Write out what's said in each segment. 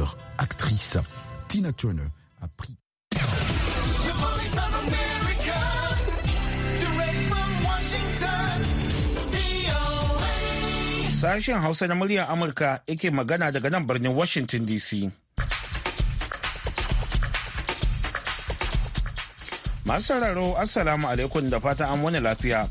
meilleure actrice. Tina Turner a pris. Sashen Hausa na muryar Amurka yake magana daga nan birnin Washington DC. Masu sauraro, Assalamu alaikum da fata an wani lafiya.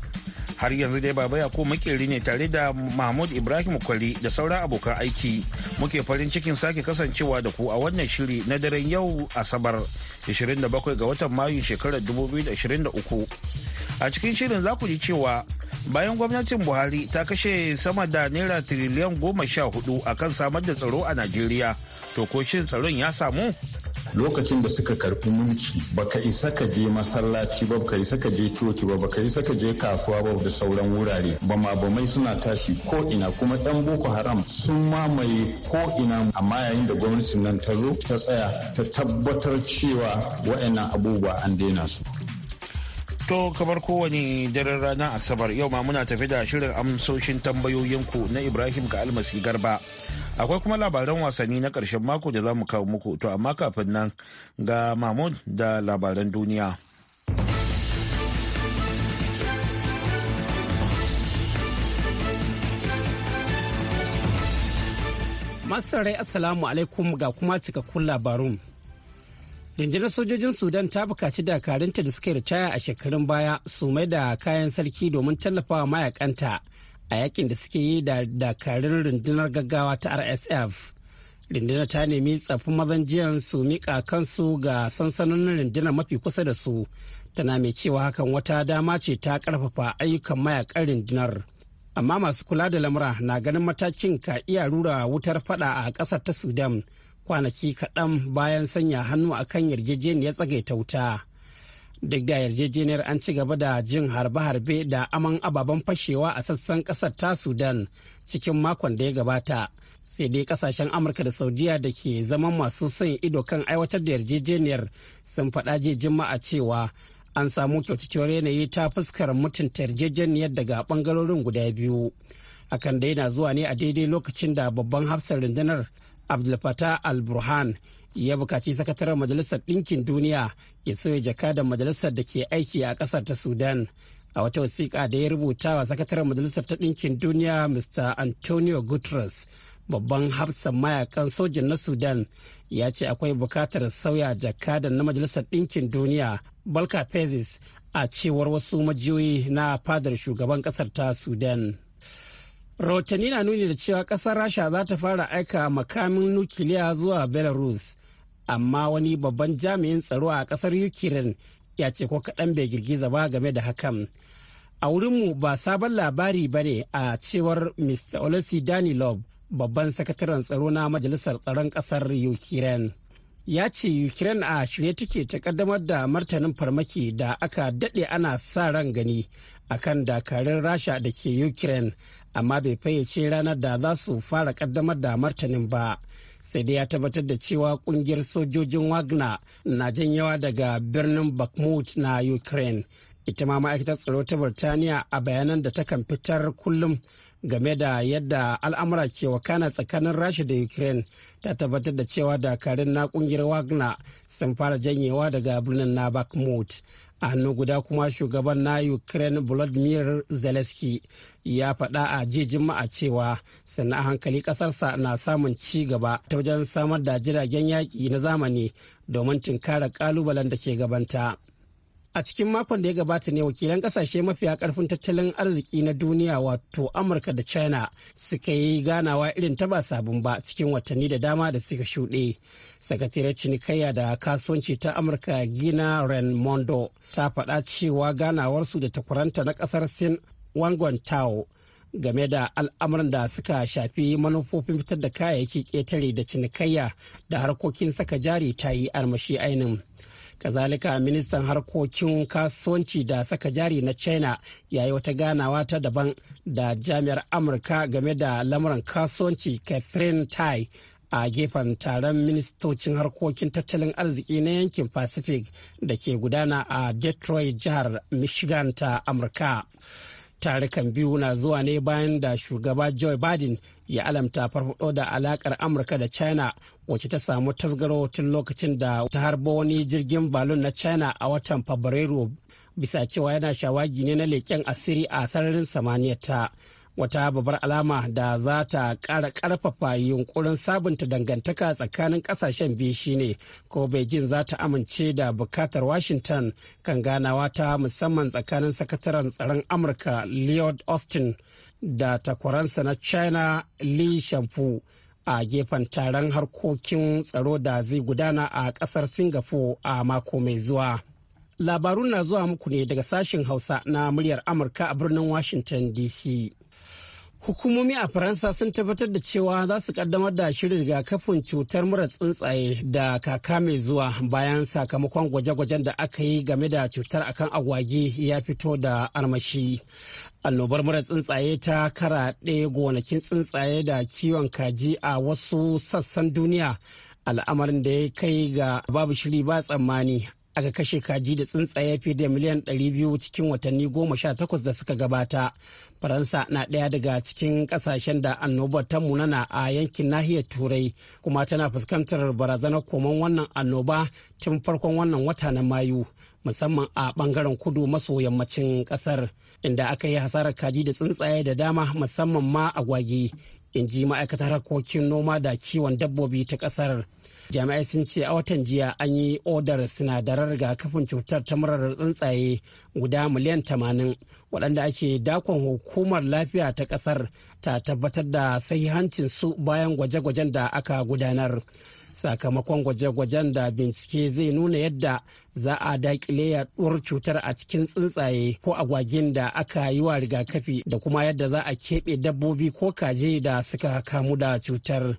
har yanzu dai baba ko makeri ne tare da mahmud ibrahim kwali da sauran abokan aiki muke farin cikin sake kasancewa da ku a wannan shiri na daren yau asabar 27 ga watan mayu shekarar 2023 a cikin shirin za ku ji cewa bayan gwamnatin buhari ta kashe sama da naira tiriliyan goma sha hudu akan samar da tsaro a najeriya to ko shin tsaron ya samu lokacin da suka karbi mulki baka isa ka je masallaci ba baka isa ka je coci ba baka isa ka je kasuwa ba da sauran wurare ba ma ba suna tashi ko ina kuma dan boko haram sun mamaye ko ina amma yayin da gwamnatin nan ta zo ta tsaya ta tabbatar cewa wa'annan abubuwa an daina su To kamar kowane daren ranar Asabar yau ma muna tafi da shirin amsoshin tambayoyinku na Ibrahim ga almasi garba. Akwai kuma labaran wasanni na karshen mako da za mu kawo muku to amma kafin nan ga mamun da labaran duniya. masarai asalamu Assalamu alaikum ga kuma cikakkun labarun. rundunar sojojin sudan ta bukaci dakarunta da suka ritaya a shekarun baya su mai da kayan sarki domin tallafawa mayakanta a yakin da suke yi da dakarun rundunar gaggawa ta rsf rundunar ta nemi tsafin mazan jiyan su miƙa kansu ga sansanonin rundunar mafi kusa da su tana mai cewa hakan wata dama ce ta ƙarfafa ayyukan mayakan rundunar amma masu kula da lamura na ganin matakin ka iya rura wutar fada a ƙasar ta sudan kwanaki kaɗan bayan sanya hannu a kan yarjejeniyar tsagaita wuta duk da yarjejeniyar an ci gaba da jin harbe-harbe da aman ababen fashewa a sassan ƙasar ta sudan cikin makon da ya gabata sai dai ƙasashen amurka da saudiya da ke zama masu son ido kan aiwatar da yarjejeniyar sun faɗa je jima'a cewa an samu kyautattuwar yanayi ta fuskar mutunta yarjejeniyar daga bangarorin guda biyu hakan da yana zuwa ne a daidai lokacin da babban hafsar rundunar abdulfatah al-burhan ya bukaci sakataren majalisar ɗinkin duniya ya sauya da majalisar da ke aiki a ƙasar ta sudan a wata wasiƙa da ya rubuta wa sakataren majalisar ta ɗinkin duniya mr antonio guterres babban hafsan mayakan sojin na sudan ya ce akwai bukatar sauya jaka da na majalisar ɗinkin duniya balka pezis a cewar wasu majiyoyi na fadar shugaban ƙasar ta sudan rahotanni na nuni da cewa kasar rasha za ta fara aika makamin nukiliya zuwa belarus amma wani babban jami'in tsaro a kasar ukraine ya ce ko kaɗan bai girgiza ba game da hakan a wurinmu ba sabon labari ba ne a cewar mr olesi danilov babban sakataren tsaro na majalisar tsaron kasar ukraine ya ce ukraine a shirye take ta kaddamar da martanin farmaki da aka daɗe ana sa ran gani akan dakarun rasha da ke ukraine amma bai fayyace ranar da za su fara kaddamar da martanin ba sai dai ya tabbatar da cewa kungiyar sojojin wagner na jan yawa daga birnin bakhmut na ukraine ita ma ma'aikatar tsaro ta birtaniya a bayanan da takan fitar kullum game da yadda al'amura ke wakana tsakanin rasha da ukraine ta tabbatar da cewa dakarun na kungiyar wagner sun fara janyewa daga birnin na bakhmut a hannu guda kuma shugaban na ukraine volodymyr zelensky ya faɗa a jiya juma'a cewa sannan a hankali ƙasarsa na samun ci gaba ta wajen samar da jiragen yaƙi na zamani domin tinkara ƙalubalen da ke gabanta a cikin makon da ya gabata ne wakilan kasashe mafiya karfin tattalin arziki na duniya wato amurka da china suka yi ganawa irin ta ba sabon ba cikin watanni da dama da suka shuɗe sakatare cinikayya da kasuwanci ta amurka gina renmondo ta faɗa cewa ganawarsu da takwaranta na ƙasar sin wangon tao game da al'amuran da suka shafi manufofin fitar da kayayyaki ƙetare da cinikayya da harkokin saka jari ta yi armashi ainihin kazalika ministan harkokin kasuwanci da saka jari na china ya yi wata ganawa ta daban da jami'ar amurka game da lamuran kasuwanci catherine tai a gefen taron ministocin harkokin tattalin arziki na yankin pacific da ke gudana a detroit jihar michigan ta amurka tarukan biyu na zuwa ne bayan da shugaba joe biden ya alamta farfado da alakar amurka da china wacce ta samu tasgaro tun lokacin da ta harbo wani jirgin balon na china a watan fabrairu bisa cewa yana shawagi ne na leƙen asiri a sararin samaniyarta. wata babbar alama da za ta ƙara ƙarfafa yunkurin sabunta dangantaka tsakanin ƙasashen biyu shine ko beijing za ta amince da bukatar washington kan ganawa ta musamman tsakanin sakataren tsaron amurka lloyd austin da takwaransa na china li shamfu a gefen taron harkokin tsaro da zai gudana a ƙasar singapore a mako mai zuwa labarun na zuwa muku ne daga sashen hausa na muryar amurka a birnin washington dc Hukumomi a Faransa sun tabbatar da cewa za su kaddamar da shirin rigakafin cutar mura tsuntsaye da kaka mai zuwa bayan sakamakon gwaje-gwajen da aka yi game da cutar akan agwagi ya fito da armashi. Annobar mura tsuntsaye ta karaɗe gonakin tsuntsaye da kiwon kaji a wasu sassan duniya al'amarin da ya kai ga babu shiri ba tsammani aka kashe kaji da tsuntsaye fiye da miliyan 200 cikin watanni 18 da suka gabata faransa na ɗaya daga cikin ƙasashen da annobar ta munana a yankin nahiyar turai kuma tana fuskantar barazanar koman wannan annoba tun farkon wannan wata na mayu musamman a ɓangaren kudu maso yammacin ƙasar inda aka yi hasarar kaji da tsuntsaye da dama musamman ma gwagi. in ji ma'aikatar harkokin noma da kiwon dabbobi ta ƙasar jami'ai sun ce a watan jiya an yi odar sinadaran rigakafin cutar ta murar tsuntsaye guda miliyan tamanin waɗanda ake dakon hukumar lafiya ta ƙasar ta tabbatar da sahihancin su bayan gwaje-gwajen da aka gudanar sakamakon gwaje-gwajen da bincike zai nuna yadda za a dakile yaɗuwar cutar a cikin tsuntsaye ko agwagin da aka yi wa rigakafi da kuma yadda za a keɓe dabbobi ko kaji da suka kamu da cutar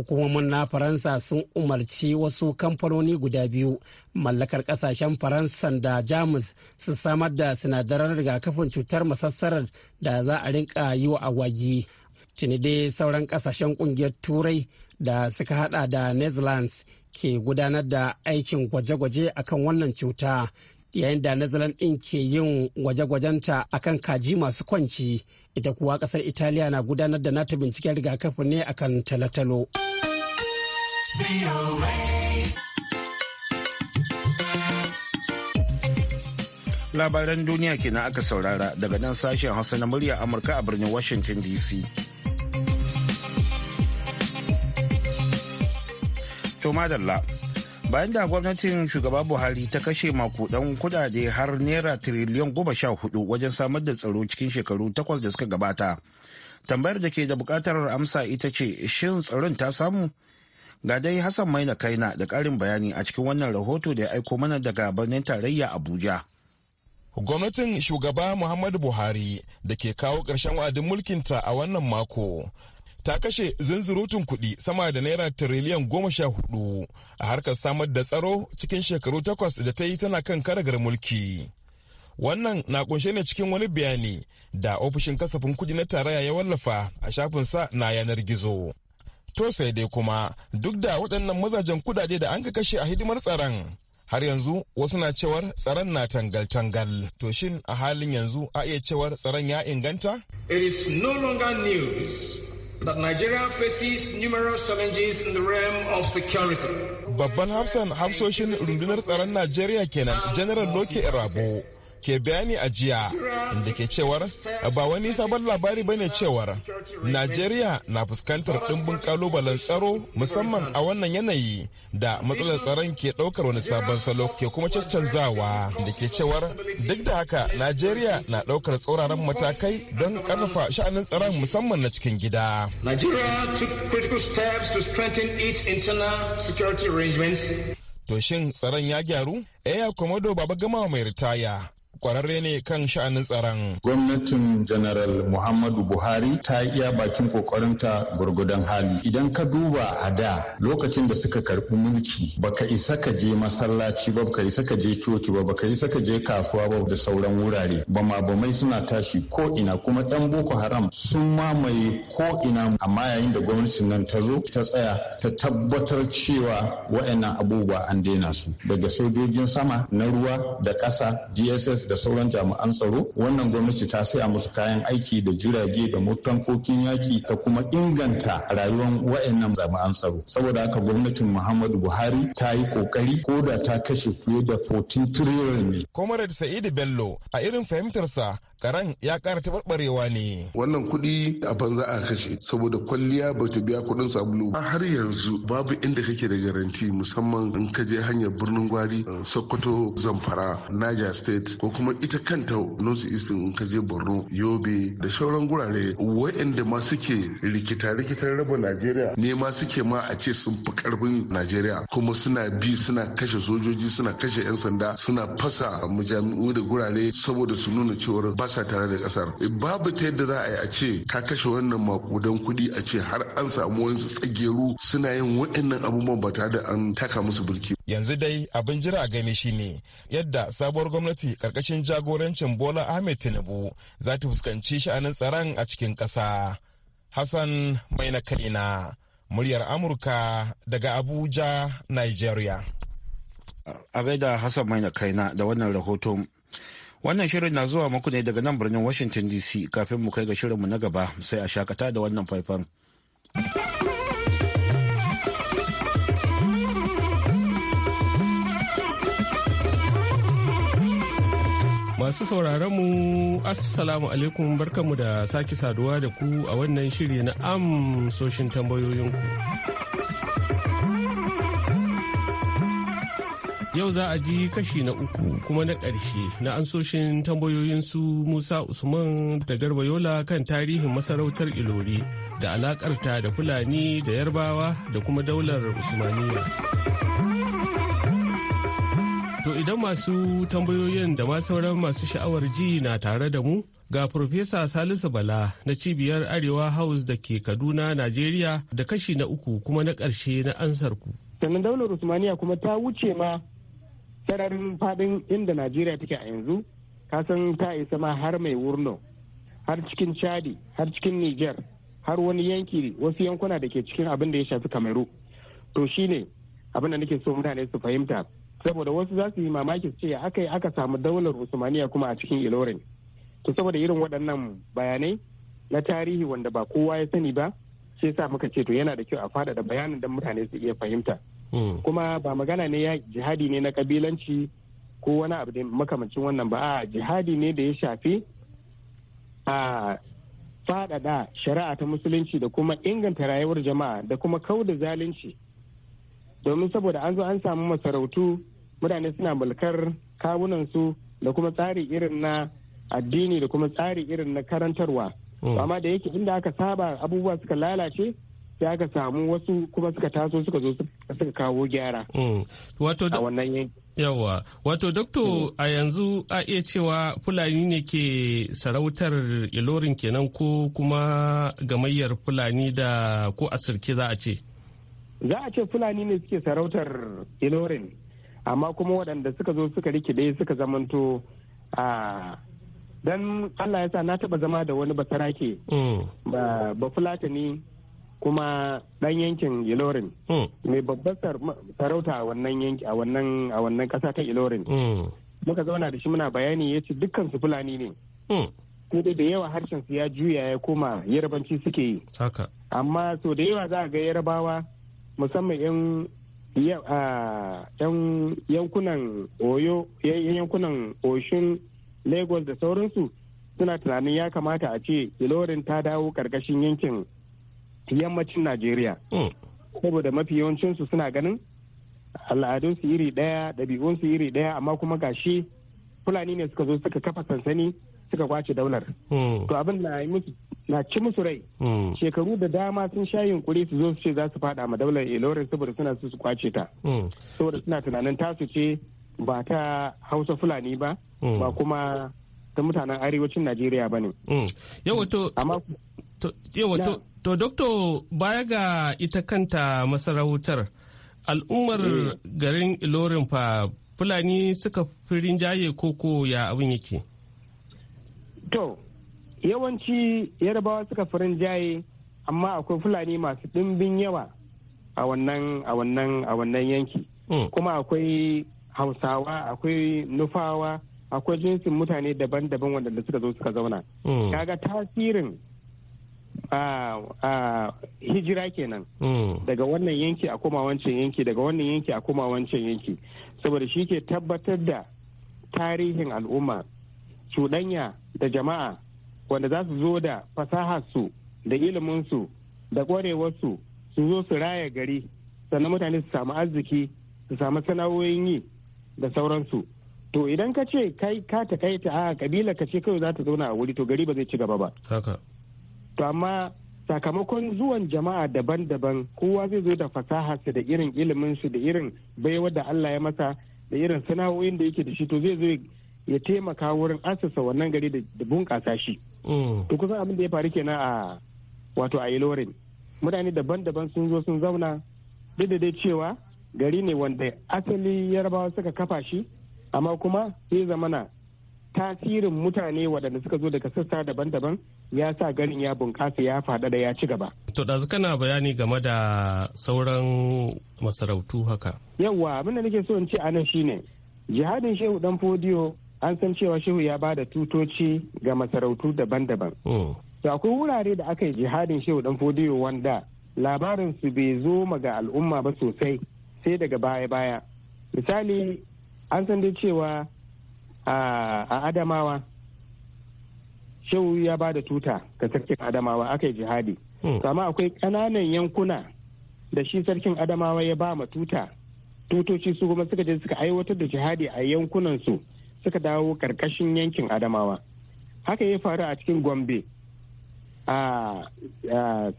hukumomin na faransa sun umarci wasu kamfanoni guda biyu mallakar kasashen faransa da jamus su samar da sinadaran rigakafin cutar masassarar da za a rinka yi wa agwagi tuni dai sauran kasashen kungiyar turai da suka hada da netherlands ke gudanar da aikin gwaje-gwaje akan wannan cuta yayin da netherlands ɗin ke yin gwaje-gwajenta akan kaji masu kwanci ita kuwa kasar italiya na gudanar da nata binciken rigakafin ne akan talatalo labaran duniya kenan aka saurara daga nan sashen hausa na murya amurka a birnin washington dc to madalla bayan da gwamnatin shugaba buhari ta kashe mako makudan kudade har naira tiriliyan goma sha hudu wajen samar da tsaro cikin shekaru takwas da suka gabata tambayar da ke da bukatar amsa ita ce shin tsaron ta samu ga dai hassan maina kaina da karin bayani a cikin wannan rahoto da ya aiko mana daga birnin tarayya abuja gwamnatin shugaba muhammadu buhari da ke kawo ƙarshen wa'adin mulkinta a wannan mako ta kashe zinzirutun kuɗi sama da naira tiriliyan goma sha hudu a harkar samar da tsaro cikin shekaru takwas da ta yi tana kan karagar mulki. Wannan na kunshe ne cikin wani bayani da ofishin kasafin kuɗi na tarayya ya wallafa a shafinsa na yanar gizo. To sai dai kuma duk da waɗannan mazajen kudade da an ka kashe a hidimar tsaron har yanzu wasu na cewar tsaron na tangal-tangal. To shin a halin yanzu a iya cewar tsaron ya inganta? It is no longer news that Nigeria faces numerous challenges in the realm of security. Babban hafsan hafsoshin rundunar tsaron Najeriya kenan, General Loke Irabo. ke bayani a jiya inda ke cewar ba wani sabon labari bane cewar najeriya na fuskantar ɗimbin kalubalen tsaro musamman a wannan yanayi da matsalar tsaron ke ɗaukar wani sabon salo ke kuma caccanzawa da ke cewar duk da haka najeriya na ɗaukar tsauraran matakai don karfafa sha'anin tsaron musamman na cikin gida To shin tsaron ya gyaru? Eya eh, Komodo Baba Gama mai ritaya kwararre ne kan sha'anin tsaron. Gwamnatin General Muhammadu Buhari ta yi iya bakin kokarinta gwargwadon hali. Idan ka duba a da lokacin da suka karɓi mulki baka isa ka je masallaci ba baka isa ka je coci ba baka isa ka je kasuwa ba da sauran wurare ba ma ba mai suna tashi ko ina kuma dan Boko Haram sun mamaye ko ina amma yayin da gwamnatin nan ta zo ta tsaya ta tabbatar cewa waɗannan abubuwa an daina su daga sojojin sama na ruwa da ƙasa DSS da sauran jami'an tsaro wannan gwamnati ta saya musu kayan aiki da jirage da tankokin yaki ta kuma inganta rayuwar wa'annan jami'an tsaro saboda haka gwamnatin muhammadu buhari ta yi kokari ko da ta kashe fiye da 14 trillion ne comrade sa'idu bello a irin fahimtarsa karan ya ƙara taɓarɓarewa ne. Wannan kuɗi a banza a kashe saboda kwalliya ba ta biya kuɗin sabulu. Har yanzu babu inda kake da garanti musamman in ka je hanyar birnin Gwari, uh, Sokoto, Zamfara, Niger State ko kuma ita kanta North East in ka je Borno, Yobe da sauran gurare waɗanda ma suke rikita-rikitar raba Najeriya ne ma suke ma a ce sun fi ƙarfin Najeriya kuma suna bi suna kashe sojoji suna kashe 'yan sanda suna fasa mujami'u da gurare saboda su nuna cewar ba basa tare da kasar babu ta yadda za a yi a ce ka kashe wannan makudan kuɗi a ce har an samu wani tsageru suna yin waɗannan abubuwan ba tare da an taka musu bulki yanzu dai abin jira a gani shine yadda sabuwar gwamnati karkashin jagorancin bola ahmed tinubu za ta fuskanci sha'anin tsaron a cikin ƙasa hassan mai na muryar amurka daga abuja nigeria a da hassan mai na kaina da wannan rahoton Wannan shirin na zuwa muku ne daga nan birnin Washington DC kafin mu kai ga shirinmu na gaba sai a shakata da wannan faifan. Masu sauraronmu mu Assalamu alaikum barkanmu da sake saduwa da ku a wannan shiri na amsoshin tambayoyinku. Yau za a ji kashi na uku kuma na ƙarshe na ansoshin tambayoyin su Musa Usman da Garba Yola kan tarihin masarautar Ilori da alakarta da Fulani da Yarbawa da kuma daular Usmaniya. To idan masu tambayoyin da ma sauran masu sha'awar ji na tare da mu ga Profesa Salisu Bala na cibiyar Arewa House da ke Kaduna, Najeriya da kashi na uku kuma na ƙarshe na ansarku. sannan daular usmaniya kuma ta wuce ma sararin fadin inda najeriya take a yanzu kasan ta isa ma har mai wurno har cikin chadi har cikin niger har wani yanki wasu yankuna da ke cikin abin da ya shafi kameru to shine abin da nake so mutane su fahimta saboda wasu za su yi mamaki su ce aka yi aka samu daular usmaniya kuma a cikin ilorin to saboda irin waɗannan bayanai na tarihi wanda ba kowa ya sani ba sai sa muka ce to yana da kyau a faɗaɗa bayanin don mutane su iya fahimta Hmm. kuma ba magana ne ya jihadi ne na kabilanci ko wani abu da makamancin wannan ba a jihadi ne da ya shafi a faɗaɗa shari'a ta musulunci da kuma inganta rayuwar jama'a da kuma kau da zalunci domin saboda an zo an samu masarautu mutane suna mulkar kawunansu da kuma tsari irin na addini da kuma tsari irin na karantarwa hmm. amma da yake inda aka saba abubuwa suka lalace sai aka samu wasu kuma suka taso suka zo suka kawo gyara mm. a wannan yanki yawa wato dokto mm. a yanzu a iya cewa fulani ne ke sarautar ilorin kenan ko kuma gamayyar fulani da ko a sirke za a ce za a ce fulani ne suke sarautar ilorin amma kuma waɗanda suka zo suka rikide suka zamanto a dan allah ya sa na taɓa zama da wani basarake mm. ba fulatani kuma ɗan yankin ilorin hmm. mai babbar sarauta a wannan yanki a wannan a wannan kasa ta ilorin hmm. muka zauna da shi muna bayani ya ce dukkan su fulani ne hmm. sai dai da yawa harshen su ya juya ya koma yarbanci suke yi amma so da yawa za a ga yarabawa. musamman yan yankunan oyo yankunan oshin lagos da sauransu suna tunanin ya kamata a ce ilorin ta dawo karkashin yankin yammacin najeriya hmm. saboda mafi yawancinsu suna ganin al'adunsu iri ɗaya ɗabi'unsu iri ɗaya amma kuma gashi fulani ne suka zo suka kafa sansani suka kwace daular hmm. to abin na ci musu rai hmm. shekaru da dama sun sha yunkuri su zo su ce za su faɗa ma daular ilorin saboda suna su kwace ta saboda suna tunanin tasu ce ba ta hausa fulani ba ba kuma ta mutanen arewacin najeriya ba ne yawa to To, doktor baya ga ita kanta masarautar al'ummar eh. garin ilorin fa fulani suka fi rinjaye koko ya abin yake? To, yawanci yarabawa suka fi rinjaye amma akwai fulani masu ɗimbin yawa a wannan a wannan a wannan yanki. Hmm. Kuma akwai hausawa, akwai nufawa, akwai jinsin mutane daban-daban waɗanda suka zo suka zauna. Hmm. Kaga tasirin a hijira kenan mm. daga wannan yanki a koma wancan yanki daga wannan yanki a koma wancan yanki saboda shi ke tabbatar da tarihin al'umma cuɗanya da jama'a wanda za su zo da fasaharsu da iliminsu da ƙwarewarsu su zo su raya gari sannan mutane su samu arziki su samu sana'o'in yi da sauransu to idan ka ce kai ka ta a kabila ka ce kawai za ta zauna a wuri to gari ba zai ci gaba ba to amma sakamakon zuwan jama'a daban-daban kowa zai zo da fasaha su da irin ilimin su da irin baiwa da Allah ya masa da irin sana'o'in da yake da shi to zai zo ya taimaka wurin asasa wannan gari da bunƙasa shi mm. to kusan abin da ya faru kenan a wato a ilorin mutane daban-daban sun zo sun zauna duk da dai cewa gari ne wanda asali yarabawa suka kafa shi amma kuma sai zamana tasirin mutane waɗanda suka zo daga sassa daban-daban ya sa ganin ya bunƙasa ya faɗa da ya ci gaba. To ɗazu kana bayani game da sauran masarautu haka. Yawwa abin da nake so in ce a nan shine jihadin Shehu Dan Fodiyo an san cewa Shehu ya bada tutoci ga masarautu daban-daban. Hmm. To akwai wurare da aka yi jihadin Shehu Dan Fodiyo wanda labarin su bai zo ga al'umma ba sosai sai daga baya-baya. Misali an san dai cewa a adamawa shehu ya ba da tuta ga sarkin adamawa aka yi jihadi hmm. amma akwai ƙananan yankuna da shi sarkin adamawa ya ba ma tuta tutoci su kuma suka je suka aiwatar da jihadi a yankunan su suka dawo karkashin yankin adamawa haka ya faru a cikin gombe a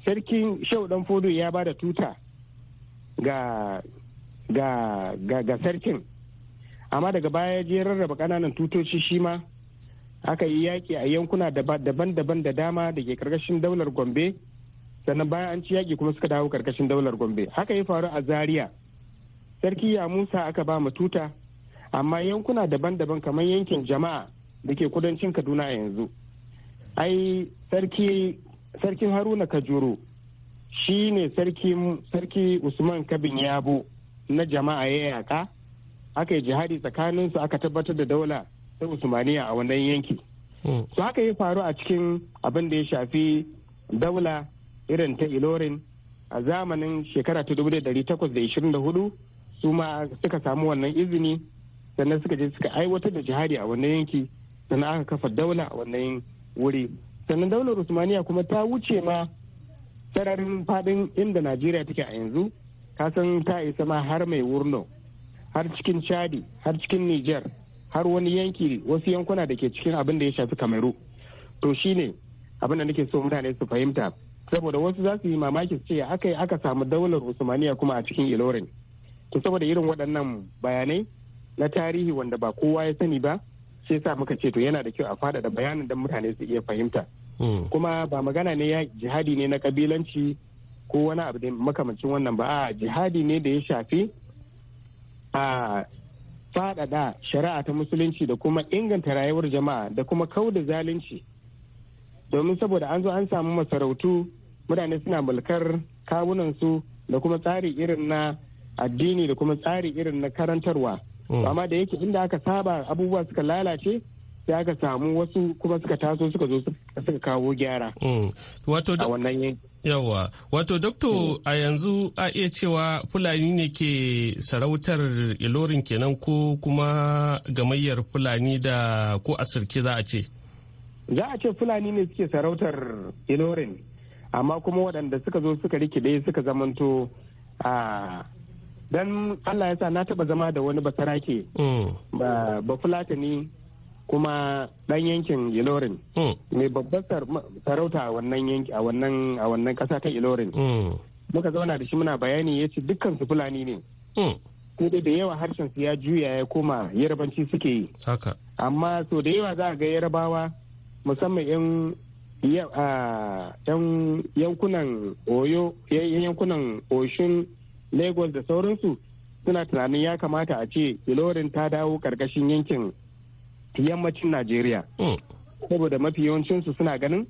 sarkin shehu dan fodo ya ba da tuta ga ga ga sarkin amma daga baya je rarraba kananan tutoci shi ma aka yi yaƙi a yankuna daban-daban da dama da ke karkashin daular gombe sannan bayan an ci yaƙi kuma suka dawo karkashin daular gombe haka ya faru a zaria sarki ya musa aka ba tuta amma yankuna daban-daban kamar yankin jama'a da ke kudancin kaduna a yanzu ai sarki sarkin haruna kajuru shi ne sarki usman kabin yabo na jama'a ya yaƙa aka yi jihadi tsakaninsu aka tabbatar da daula ta usmaniya a wannan yanki hmm. su haka ya faru a cikin abin da ya shafi daula irin ta ilorin a zamanin shekara ta 1824 su ma suka samu wannan izini sannan suka je suka aiwatar da jihadi a wannan yanki sannan aka kafa daula a wannan wuri sannan daular usmaniya kuma ta wuce ma sararin fadin inda najeriya take a yanzu kasan ta isa ma har mai wurno har cikin chadi har cikin niger har wani yanki wasu yankuna da ke cikin abin da ya shafi Kameru to shine abin da nake so mutane su fahimta saboda wasu za su yi mamaki su ce aka yi aka samu daular usmaniya kuma a cikin ilorin to saboda irin waɗannan bayanai na tarihi wanda ba kowa ya sani ba sai sa muka ce to yana da kyau a faɗaɗa bayanin don mutane su iya fahimta hmm. kuma ba magana ne ya jihadi ne na kabilanci ko wani abu da makamancin wannan ba a jihadi ne da ya shafi a faɗaɗa shari'a ta musulunci da kuma inganta rayuwar jama'a da kuma kau da zalunci domin saboda an zo an samu masarautu mutane suna mulkar kawunansu da kuma tsari irin na addini da kuma tsari irin na karantarwa mm. amma da yake inda aka saba abubuwa suka lalace sai aka samu wasu kuma suka taso suka zo suka kawo gyara mm. a wannan yanki yawa wato doktor mm. a yanzu a iya cewa fulani ne ke sarautar ilorin kenan ko kuma gamayyar fulani da ko a sirki za a ce za a ce fulani ne suke sarautar ilorin amma kuma waɗanda suka zo suka rikide suka zamanto a dan allah ya sa na taɓa zama da wani basarake mm. ba fulatani kuma ɗan yankin ilorin mm. mai babbar sarauta a wannan yanki a wannan kasa ta ilorin mm. muka zauna da shi muna bayani ya ce dukkan su fulani ne ko mm. dai da yawa harshen su ya juya ya koma yarbanci suke yi amma so da yawa za a ga Yarabawa, musamman yan yankunan oyo yankunan oshin lagos da sauransu suna tunanin ya kamata a ce ilorin ta dawo karkashin yankin yammacin najeriya hmm. saboda mafi yawancinsu suna ganin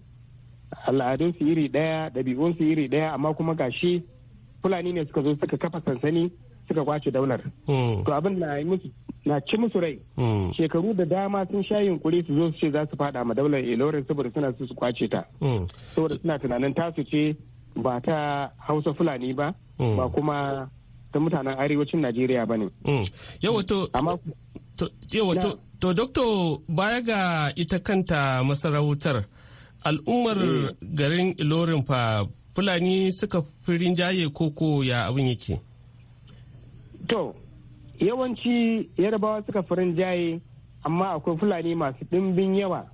al'adunsu iri ɗaya ɗabi'unsu iri ɗaya amma kuma gashi fulani ne suka zo suka kafa sansani suka kwace daular hmm. to abin na ci musu rai hmm. shekaru da dama sun sha yunkuri su zo su ce za su fada ma daular ilorin saboda suna su su kwace ta saboda suna tunanin tasu ce ba ta hausa fulani ba ba kuma ta mutanen arewacin najeriya ba ne Yawato. to To, doktor baya ga ita kanta masarautar al'ummar mm. garin ilorin fa fulani suka fi rinjaye koko ya abin yake? To, yawanci yarabawa suka fi rinjaye amma akwai fulani masu ɗimbin yawa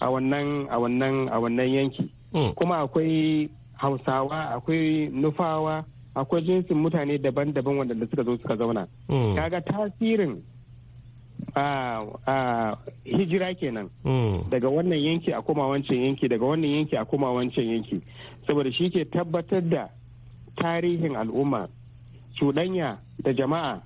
a wannan a wannan a wannan yanki. Mm. Kuma akwai hausawa akwai nufawa akwai jinsin mutane daban-daban waɗanda suka zo suka zauna. Mm. Kaga tasirin hijira kenan hmm. daga wannan yanki a koma wancan yanki daga wannan yanki a koma wancan yanki saboda shi ke tabbatar da tarihin al'umma cuɗanya da jama'a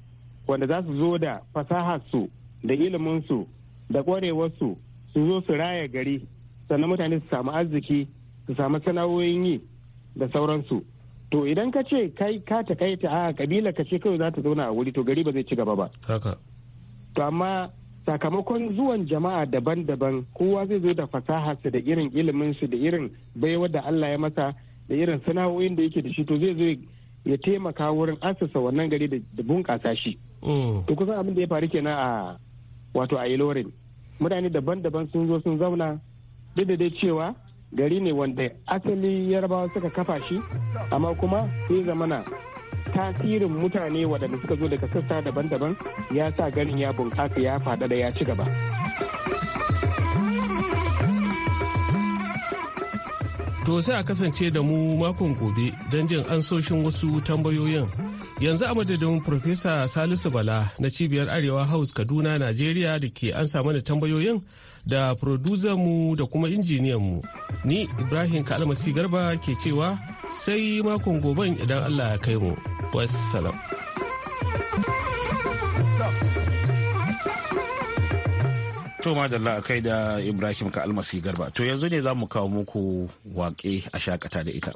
wanda za su zo da fasaharsu da iliminsu da ƙwarewarsu su zo su raya gari sannan mutane su samu arziki su samu sana'o'in yi da sauransu to idan ka ce kai ka takaita a kabila ka ce kawai za ta zauna a wuri to gari ba zai ci gaba ba to amma sakamakon zuwan jama'a daban-daban kowa zai zo da fasaha su da irin ilimin su da irin baiwa da Allah ya masa da irin sana'o'in da yake da shi to zai zo ya taimaka wurin asasa wannan gari da bunƙasa shi. Mm. To kusan abin da ya faru kenan a wato a Ilorin. Mutane daban-daban sun zo sun zauna duk da dai cewa gari ne wanda asali yarabawa suka kafa shi amma kuma sai zamana tasirin mutane waɗanda suka zo daga sassa daban-daban ya sa ganin ya bunƙasa ya faɗa da ya ci gaba. To sai a kasance da mu makon gobe don jin ansoshin wasu tambayoyin. Yanzu a madadin Profesa Salisu Bala na Cibiyar Arewa House Kaduna, Najeriya da ke an samu tambayoyin da mu da kuma mu Ni Ibrahim Kalmasi Garba ke cewa sai makon goben idan Allah ya kai mu. wassalam To madalla a kai da Ibrahim ka almasi garba. To yanzu ne za mu kawo muku waƙe a shakata da ita.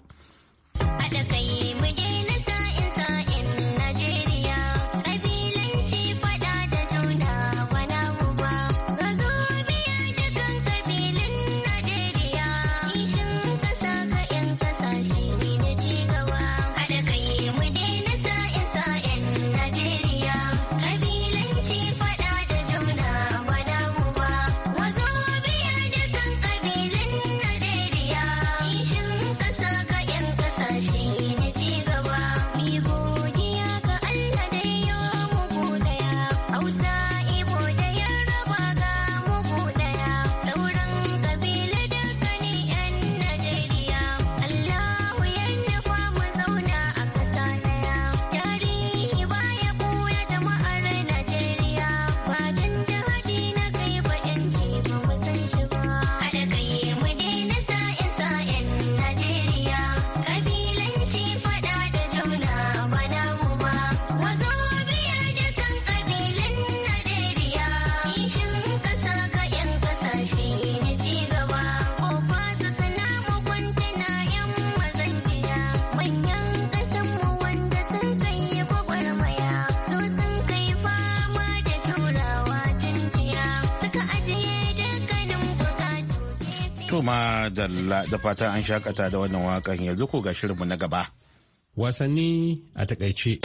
To ma da fatan an shakata da wannan wakan yanzu ko ga shirinmu na gaba. Wasanni a takaice.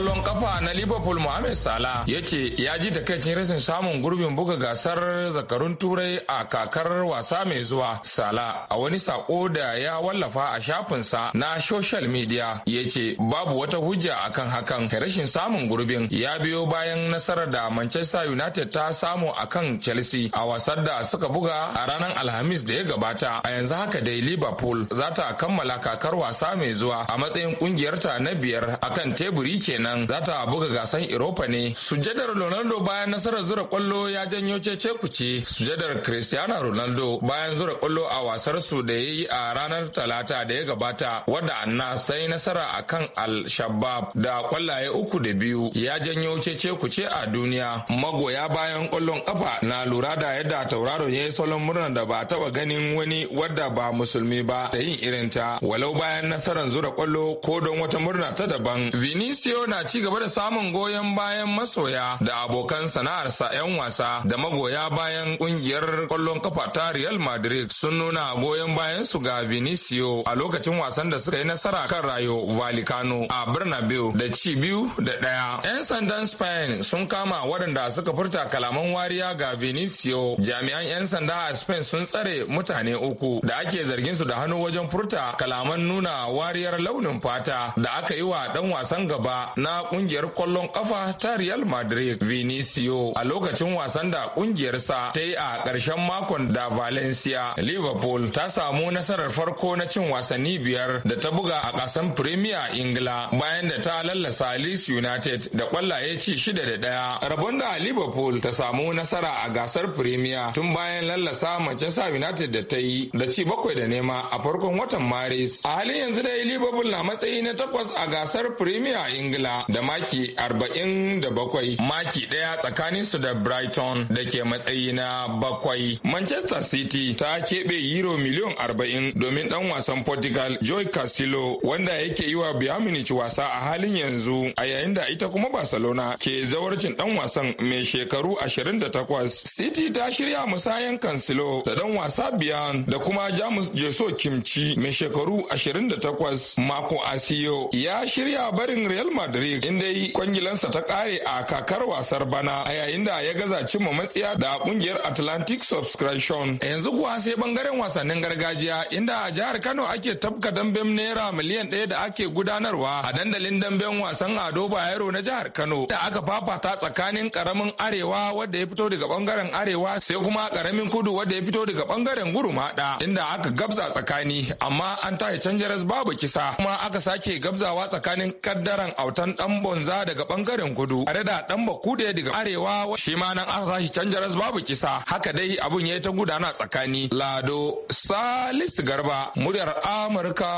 kwallon kafa na Liverpool Mohamed Salah ya ce ya ji takaicin rashin samun gurbin buga gasar zakarun turai a kakar wasa mai zuwa. Salah a wani sako da ya wallafa a shafinsa na social media ya ce babu wata hujja akan hakan rashin samun gurbin ya biyo bayan nasarar da Manchester United ta samu akan Chelsea a wasar da suka buga a ranar Alhamis da ya gabata. A yanzu haka dai Liverpool za ta kammala kakar wasa mai zuwa a matsayin kungiyarta na biyar akan teburi kenan. nan za ta buga gasan Europa ne. Sujadar Ronaldo bayan nasarar zura kwallo ya janyo cece kuce. Sujadar Cristiano Ronaldo bayan zura kwallo a wasar su da ya yi a ranar Talata da ya gabata wadda anna sai nasara akan Al Shabab da kwallaye uku da biyu ya janyo cece kuce a duniya. Magoya bayan kwallon kafa na lura da yadda tauraron ya yi salon murnar da ba taba ganin wani wadda ba musulmi ba da yin irinta walau bayan nasarar zura kwallo ko don wata murna ta daban. Vinicio na yana ci gaba da samun goyon bayan masoya da abokan sana'arsa 'yan wasa da magoya bayan kungiyar kwallon kafa ta Real Madrid sun nuna goyon bayan su ga Vinicio a lokacin wasan da suka yi nasara kan Rayo Vallecano a Bernabeu da ci biyu da ɗaya. 'Yan sandan Spain sun kama waɗanda suka furta kalaman wariya ga Vinicio. Jami'an 'yan sanda a Spain sun tsare mutane uku da ake zargin su da hannu wajen furta kalaman nuna wariyar launin fata da aka yi wa ɗan wasan gaba na na kungiyar kwallon kafa ta Real Madrid Vinicio a lokacin wasan da kungiyarsa ta yi a ƙarshen makon da Valencia Liverpool ta samu nasarar farko na cin wasanni biyar da ta buga a ƙasan Premier Ingila bayan da ta lallasa Leeds United da kwallaye ci shida da ɗaya. Rabon da Liverpool ta samu nasara a gasar Premier tun bayan lallasa Manchester United da ta yi da ci bakwai da nema a farkon watan Maris. A halin yanzu dai Liverpool na matsayi na takwas a gasar Premier Ingila da maki 47 maki ɗaya tsakaninsu da Brighton da ke matsayi na bakwai. Manchester City ta keɓe euro miliyon 40 domin ɗan wasan Portugal Joy Castillo wanda yake yi wa Biaminic wasa a halin yanzu a yayin da ita kuma Barcelona ke zawarcin ɗan wasan mai shekaru 28. City ta shirya musayan Cancelo da ɗan wasa biyan da kuma Jamus Jeso Kimci mai shekaru 28 Marco Asio ya shirya barin Real Madrid league inda yi kwangilansa ta kare a kakar wasar bana a yayin da ya gaza cimma matsiya da kungiyar atlantic subscription A yanzu kuwa sai bangaren wasannin gargajiya inda a jihar kano ake tabka damben naira miliyan ɗaya da ake gudanarwa a dandalin damben wasan ado bayero na jihar kano da aka fafata tsakanin karamin arewa wadda ya fito daga bangaren arewa sai kuma karamin kudu wadda ya fito daga bangaren gurumada inda aka gabza tsakani amma an tashi canjaras babu kisa kuma aka sake gabzawa tsakanin kaddaran autan dan bonza daga bangaren kudu tare da dan bakude daga arewa shi ma nan aka sashi ras babu kisa haka dai abun ya yi ta gudana tsakani lado salisu garba muryar amurka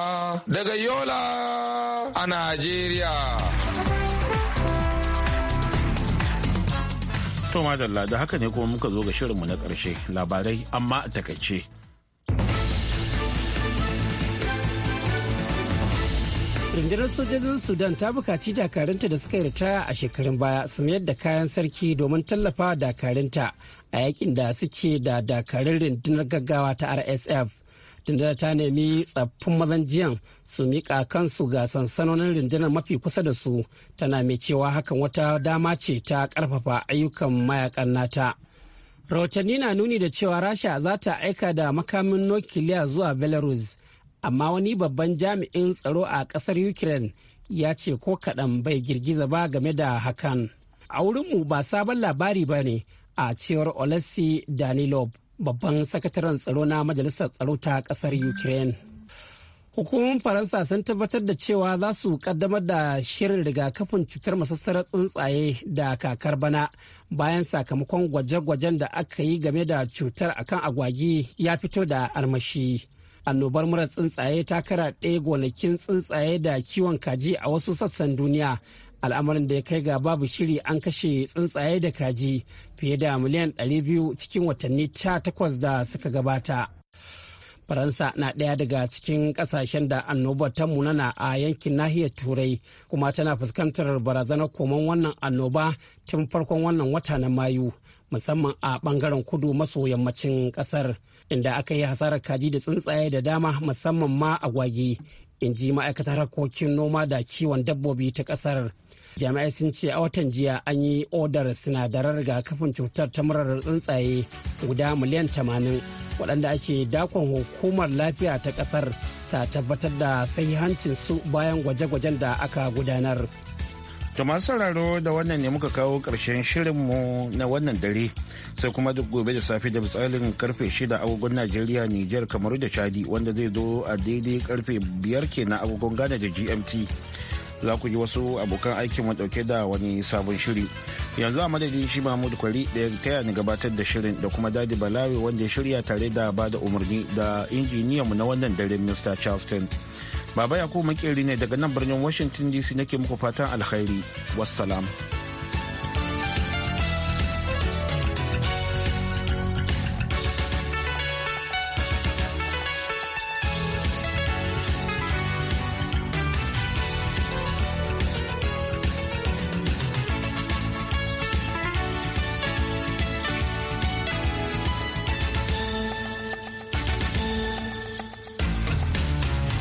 daga yola a najeriya To madalla da haka ne kuma muka zo ga shirinmu na ƙarshe labarai amma a takaice. rundunar sojojin sudan ta bukaci dakarunta da suka yi ritaya a shekarun baya su mayar da kayan sarki domin tallafa dakarunta a yakin da suke da dakarun rundunar gaggawa ta rsf rundunar ta nemi tsaffin mazan jiyan su miƙa kansu ga sansanonin rundunar mafi kusa da su tana mai cewa hakan wata dama ce ta ƙarfafa ayyukan mayakan nata rahotanni na nuni da cewa rasha za ta aika da makamin nukiliya zuwa belarus amma wani babban jami'in tsaro a ƙasar ukraine ya ce ko kaɗan bai girgiza ba game da hakan a wurinmu ba sabon labari ba ne a cewar olesi danilov babban sakataren tsaro na majalisar tsaro ta ƙasar ukraine hukumomin faransa sun tabbatar da cewa za su kaddamar da shirin rigakafin cutar masassarar tsuntsaye da kakar bana bayan sakamakon gwaje-gwajen da aka yi game da cutar akan agwagi ya fito da armashi annobar mura tsuntsaye ta kara ɗaya gonakin tsuntsaye da kiwon kaji a wasu sassan duniya al'amarin da ya kai ga babu shiri an kashe tsuntsaye da kaji fiye da miliyan 200 cikin watanni 18 da suka gabata faransa na ɗaya daga cikin ƙasashen da annoba ta munana a yankin nahiyar turai kuma tana fuskantar barazanar koman wannan annoba tun farkon wannan wata na mayu musamman a ɓangaren kudu maso yammacin ƙasar. inda aka yi hasarar kaji da tsuntsaye da dama musamman ma agwagi in ji ma'aikatar harkokin noma da kiwon dabbobi ta kasar jami'ai sun ce a watan jiya an yi odar ga kafin cutar ta murar tsuntsaye guda miliyan tamanin waɗanda ake dakon hukumar lafiya ta kasar ta tabbatar da sai sahihancin su bayan gwaje-gwajen da aka gudanar To masu sauraro da wannan ne muka kawo ƙarshen shirinmu na wannan dare sai kuma duk gobe da safe da misalin karfe 6 agogon Najeriya, Nijar, kamar da Chadi wanda zai zo a daidai karfe 5 kenan agogon Ghana da GMT. Za ku ji wasu abokan aikin mu dauke da wani sabon shiri. Yanzu a madadin shi Mahmud Kwari da ya taya ni gabatar da shirin da kuma Dadi Balawi wanda ya shirya tare da bada umarni da injiniyanmu na wannan dare Mr. Charleston. Baba ya Yakubu makeri ne daga nan birnin Washington DC nake muku fatan alkhairi. Wassalam.